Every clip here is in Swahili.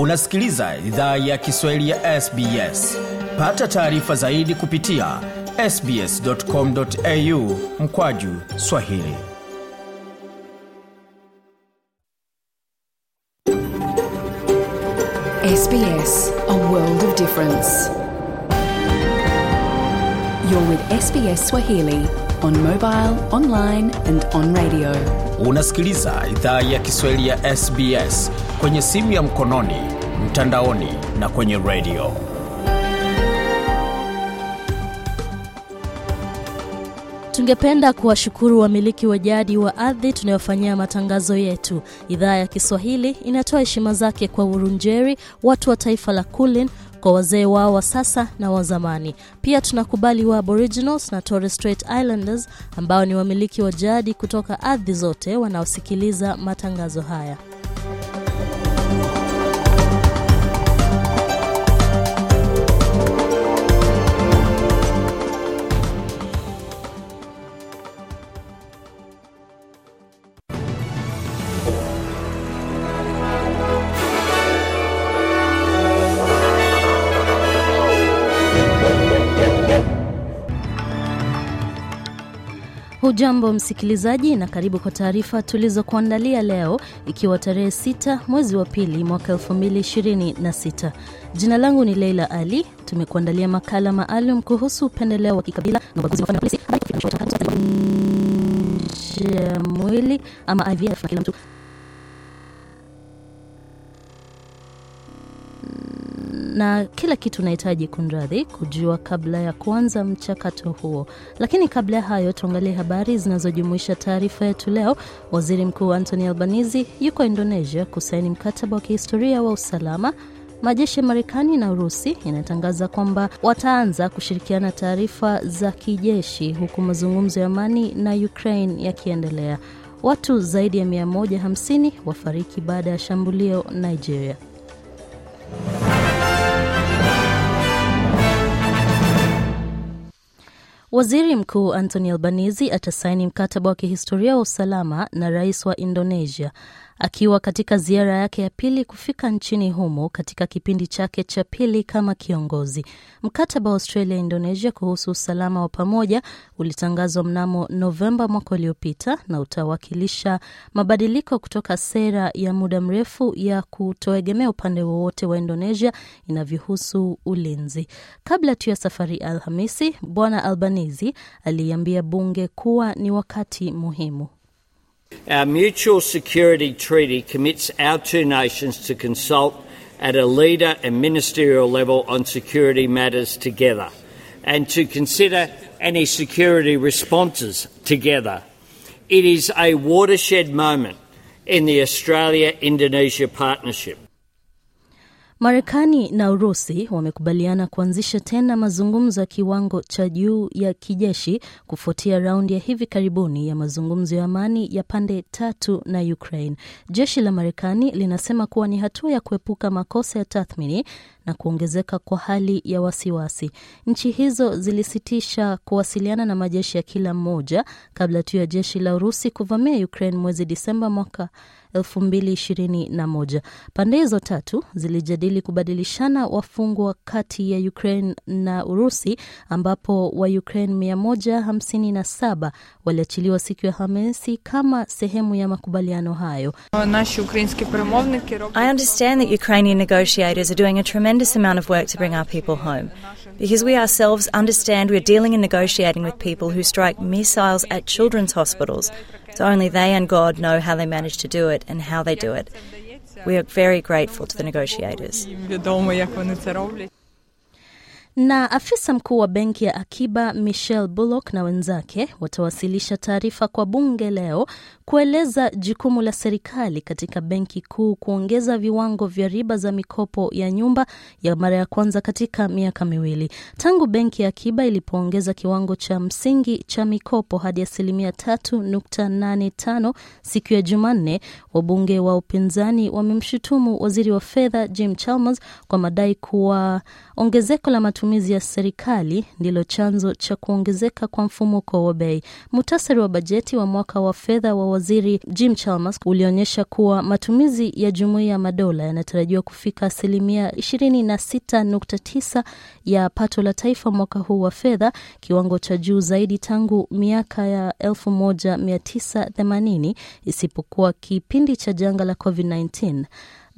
unasikiliza idhaa ya kiswahili ya sbs pata taarifa zaidi kupitia sbscomau mkwaju swahili SBS, a world of difference. You're with SBS Swahili on mobile, online and on radio. Unasikiliza idhaa ya Kiswahili ya SBS kwenye simu ya mkononi, mtandaoni na kwenye redio. Tungependa kuwashukuru wamiliki wa jadi wa ardhi tunayofanyia matangazo yetu. Idhaa ya Kiswahili inatoa heshima zake kwa Urunjeri, watu wa taifa la Kulin, kwa wazee wao wa sasa na wazamani Pia tunakubali wa Aboriginals na Torres Strait Islanders ambao ni wamiliki wa jadi kutoka ardhi zote wanaosikiliza matangazo haya. Hujambo msikilizaji, na karibu kwa taarifa tulizokuandalia leo, ikiwa tarehe 6 mwezi wa pili mwaka 226 Jina langu ni Leila Ali. Tumekuandalia makala maalum kuhusu upendeleo wa kikabila na ubaguzi polisi mwili ama IVF na kila mtu na kila kitu unahitaji kunradhi kujua kabla ya kuanza mchakato huo. Lakini kabla ya hayo, tuangalie habari zinazojumuisha taarifa yetu leo. Waziri Mkuu Anthony Albanese yuko Indonesia kusaini mkataba wa kihistoria wa usalama Majeshi ya Marekani na Urusi yanatangaza kwamba wataanza kushirikiana taarifa za kijeshi huku mazungumzo ya amani na Ukraine yakiendelea. Watu zaidi ya 150 wafariki baada ya shambulio Nigeria. Waziri Mkuu Anthony Albanese atasaini mkataba wa kihistoria wa usalama na rais wa Indonesia Akiwa katika ziara yake ya pili kufika nchini humo katika kipindi chake cha pili kama kiongozi, mkataba wa Australia Indonesia kuhusu usalama wa pamoja ulitangazwa mnamo Novemba mwaka uliopita na utawakilisha mabadiliko kutoka sera ya muda mrefu ya kutoegemea upande wowote wa Indonesia inavyohusu ulinzi. Kabla tu ya safari Alhamisi, Bwana albanizi aliambia bunge kuwa ni wakati muhimu. Our mutual security treaty commits our two nations to consult at a leader and ministerial level on security matters together and to consider any security responses together. It is a watershed moment in the Australia Indonesia partnership. Marekani na Urusi wamekubaliana kuanzisha tena mazungumzo ya kiwango cha juu ya kijeshi kufuatia raundi ya hivi karibuni ya mazungumzo ya amani ya pande tatu na Ukraine. Jeshi la Marekani linasema kuwa ni hatua ya kuepuka makosa ya tathmini na kuongezeka kwa hali ya wasiwasi. Nchi hizo zilisitisha kuwasiliana na majeshi ya kila mmoja kabla tu ya jeshi la Urusi kuvamia Ukraine mwezi Disemba mwaka 2021. Pande hizo tatu zilijadili kubadilishana wafungwa kati ya Ukraine na Urusi, ambapo wa Ukraine 157 waliachiliwa siku ya Hamisi kama sehemu ya makubaliano hayo. I understand that Ukrainian negotiators are doing a tremendous tremendous amount of work to bring our people home because we ourselves understand we're dealing and negotiating with people who strike missiles at children's hospitals. So only they and God know how they manage to do it and how they do it. We are very grateful to the negotiators. Na afisa mkuu wa benki ya akiba michel Bullock na wenzake watawasilisha taarifa kwa bunge leo kueleza jukumu la serikali katika benki kuu kuongeza viwango vya riba za mikopo ya nyumba ya mara ya kwanza katika miaka miwili tangu benki ya akiba ilipoongeza kiwango cha msingi cha mikopo hadi asilimia 3.85 siku ya Jumanne. Wabunge wa upinzani wamemshutumu waziri wa fedha Jim Chalmers kwa madai kuwa Ongezeko la matumizi ya serikali ndilo chanzo cha kuongezeka kwa mfumuko wa bei. Muhtasari wa bajeti wa mwaka wa fedha wa waziri Jim Chalmers ulionyesha kuwa matumizi ya jumuiya ya madola yanatarajiwa kufika asilimia 26.9 ya pato la taifa mwaka huu wa fedha, kiwango cha juu zaidi tangu miaka ya 1980 isipokuwa kipindi cha janga la COVID-19.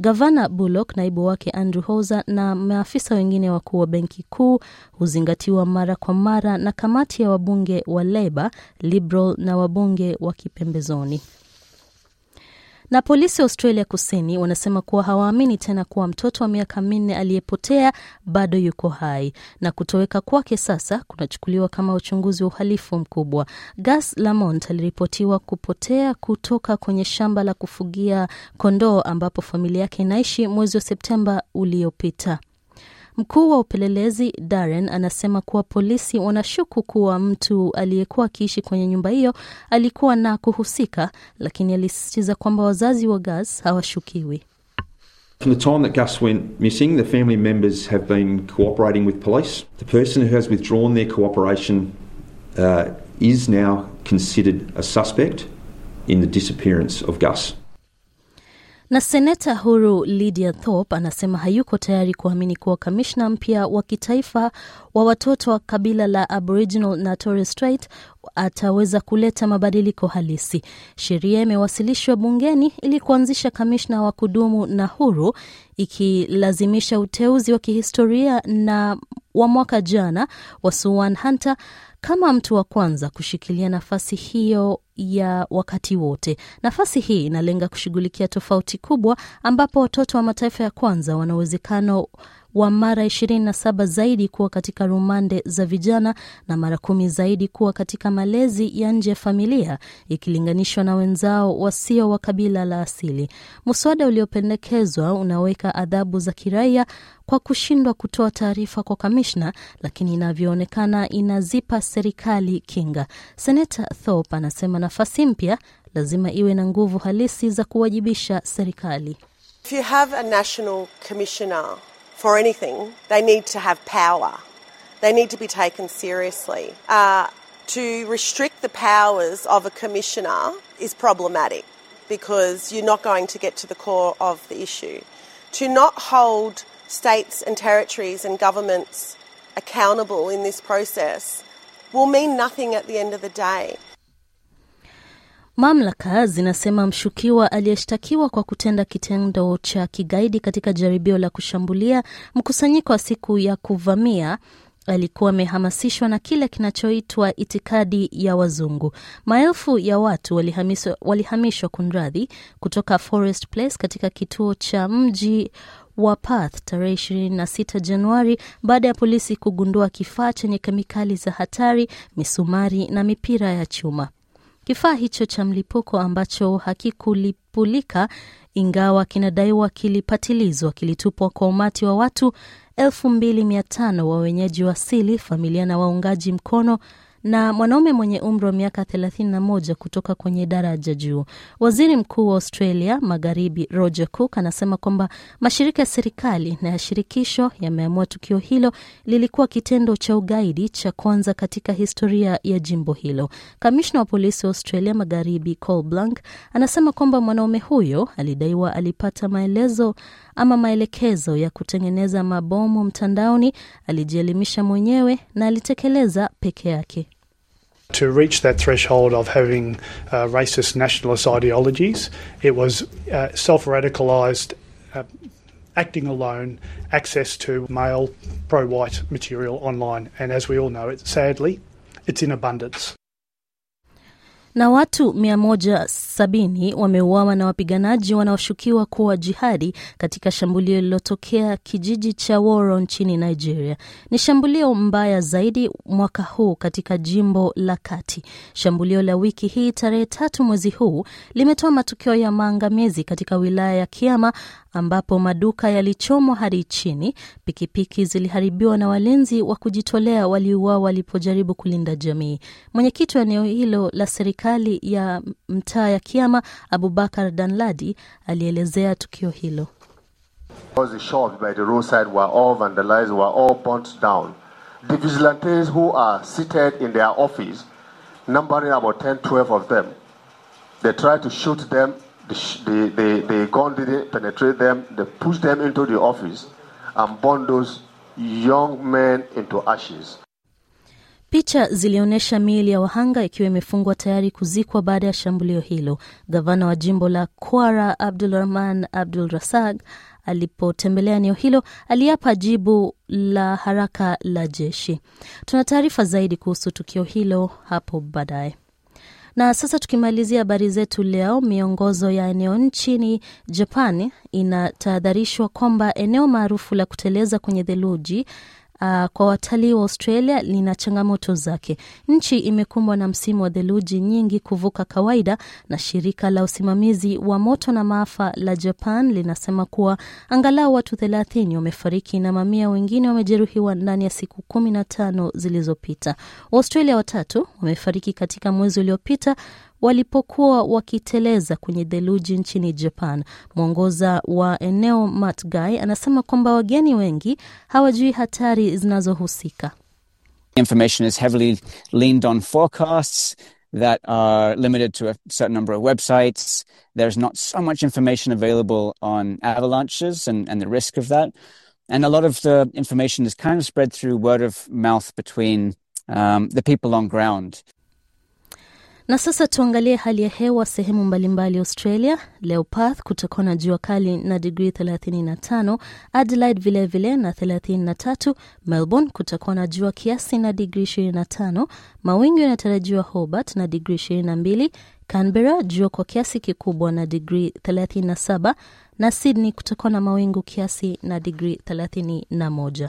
Gavana Bullock, naibu wake Andrew Hoser na maafisa wengine wakuu wa benki kuu huzingatiwa mara kwa mara na kamati ya wabunge wa Leba, Liberal na wabunge wa kipembezoni. Na polisi wa Australia Kusini wanasema kuwa hawaamini tena kuwa mtoto wa miaka minne aliyepotea bado yuko hai na kutoweka kwake sasa kunachukuliwa kama uchunguzi wa uhalifu mkubwa. Gus Lamont aliripotiwa kupotea kutoka kwenye shamba la kufugia kondoo ambapo familia yake inaishi mwezi wa Septemba uliopita. Mkuu wa upelelezi Darren anasema kuwa polisi wanashuku kuwa mtu aliyekuwa akiishi kwenye nyumba hiyo alikuwa na kuhusika, lakini alisisitiza kwamba wazazi wa Gas hawashukiwi. From the time that Gus went missing, the family members have been cooperating with police. The person who has withdrawn their cooperation uh, is now considered a suspect in the disappearance of Gus. Na seneta huru Lydia Thorpe anasema hayuko tayari kuamini kuwa kamishna mpya wa kitaifa wa watoto wa kabila la Aboriginal na Torres Strait ataweza kuleta mabadiliko halisi. Sheria imewasilishwa bungeni ili kuanzisha kamishna wa kudumu na huru, ikilazimisha uteuzi wa kihistoria na wa mwaka jana wa Suan Hunter kama mtu wa kwanza kushikilia nafasi hiyo ya wakati wote. Nafasi hii inalenga kushughulikia tofauti kubwa ambapo watoto wa mataifa ya kwanza wana uwezekano wa mara 27 zaidi kuwa katika rumande za vijana na mara kumi zaidi kuwa katika malezi ya nje ya familia ikilinganishwa na wenzao wasio wa kabila la asili. Mswada uliopendekezwa unaweka adhabu za kiraia kwa kushindwa kutoa taarifa kwa kamishna, lakini inavyoonekana inazipa serikali kinga. Seneta Thorpe anasema nafasi mpya lazima iwe na nguvu halisi za kuwajibisha serikali. If you have a national commissioner for anything, they need to have power. They need to be taken seriously. Uh, to restrict the powers of a commissioner is problematic because you're not going to get to the core of the issue. To not hold states and territories and governments accountable in this process will mean nothing at the end of the day. Mamlaka zinasema mshukiwa aliyeshtakiwa kwa kutenda kitendo cha kigaidi katika jaribio la kushambulia mkusanyiko wa siku ya kuvamia alikuwa amehamasishwa na kile kinachoitwa itikadi ya wazungu. Maelfu ya watu walihamishwa, kunradhi, kutoka Forest Place katika kituo cha mji wa Perth tarehe 26 Januari baada ya polisi kugundua kifaa chenye kemikali za hatari, misumari na mipira ya chuma. Kifaa hicho cha mlipuko ambacho hakikulipulika ingawa kinadaiwa kilipatilizwa kilitupwa kwa umati wa watu 2500 wa wenyeji wa asili, familia na waungaji mkono na mwanaume mwenye umri wa miaka 31 kutoka kwenye daraja juu. Waziri Mkuu wa Australia Magharibi Roger Cook anasema kwamba mashirika ya serikali na ya shirikisho yameamua tukio hilo lilikuwa kitendo cha ugaidi cha kwanza katika historia ya jimbo hilo. Kamishna wa polisi wa Australia Magharibi Cole Blanc anasema kwamba mwanaume huyo alidaiwa alipata maelezo ama maelekezo ya kutengeneza mabomu mtandaoni alijielimisha mwenyewe na alitekeleza peke yake. to reach that threshold of having uh, racist nationalist ideologies, it was uh, self radicalized uh, acting alone, access to male pro white material online. And as we all know, it, sadly, it's in abundance na watu 170 wameuawa na wapiganaji wanaoshukiwa kuwa jihadi katika shambulio lililotokea kijiji cha Woro nchini Nigeria. Ni shambulio mbaya zaidi mwaka huu katika jimbo la kati. Shambulio la wiki hii tarehe tatu mwezi huu limetoa matukio ya maangamizi katika wilaya ya Kiama ambapo maduka yalichomwa hadi chini, pikipiki ziliharibiwa na walinzi wa kujitolea waliuawa walipojaribu kulinda jamii. Mwenyekiti wa eneo hilo la serikali ya mtaa ya Kiama, Abubakar Danladi, alielezea tukio hilo. they tried to shoot them They, they, they gone there, penetrate them, they push them into the office and burn those young men into ashes. Picha zilionyesha miili ya wahanga ikiwa imefungwa tayari kuzikwa baada ya shambulio hilo. Gavana wa jimbo la Kwara abdul rahman Abdul Rasag alipotembelea eneo hilo aliapa jibu la haraka la jeshi. Tuna taarifa zaidi kuhusu tukio hilo hapo baadaye. Na sasa tukimalizia habari zetu leo, miongozo ya eneo nchini japan inatahadharishwa kwamba eneo maarufu la kuteleza kwenye theluji uh, kwa watalii wa Australia lina changamoto zake. Nchi imekumbwa na msimu wa theluji nyingi kuvuka kawaida, na shirika la usimamizi wa moto na maafa la Japan linasema kuwa angalau watu thelathini wamefariki na mamia wengine wamejeruhiwa ndani ya siku kumi na tano zilizopita. Waustralia watatu wamefariki katika mwezi uliopita walipokuwa wakiteleza kwenye theluji nchini Japan. Mwongoza wa eneo Matt Guy anasema kwamba wageni wengi hawajui hatari zinazohusika. Information is heavily leaned on forecasts that are limited to a certain number of websites. There's not so much information available on avalanches and, and the risk of that. And a lot of the information is kind of spread through word of mouth between um, the people on ground. Na sasa tuangalie hali ya hewa sehemu mbalimbali Australia. Leo path kutakuwa na jua kali na digrii 35, Adelaide vilevile na 33, Melbourne kutakuwa na jua kiasi na digrii 25, mawingu yanatarajiwa Hobart na digri 22, canbera jua kwa kiasi kikubwa na digrii 37, na Sydney kutakuwa na mawingu kiasi na digri 31.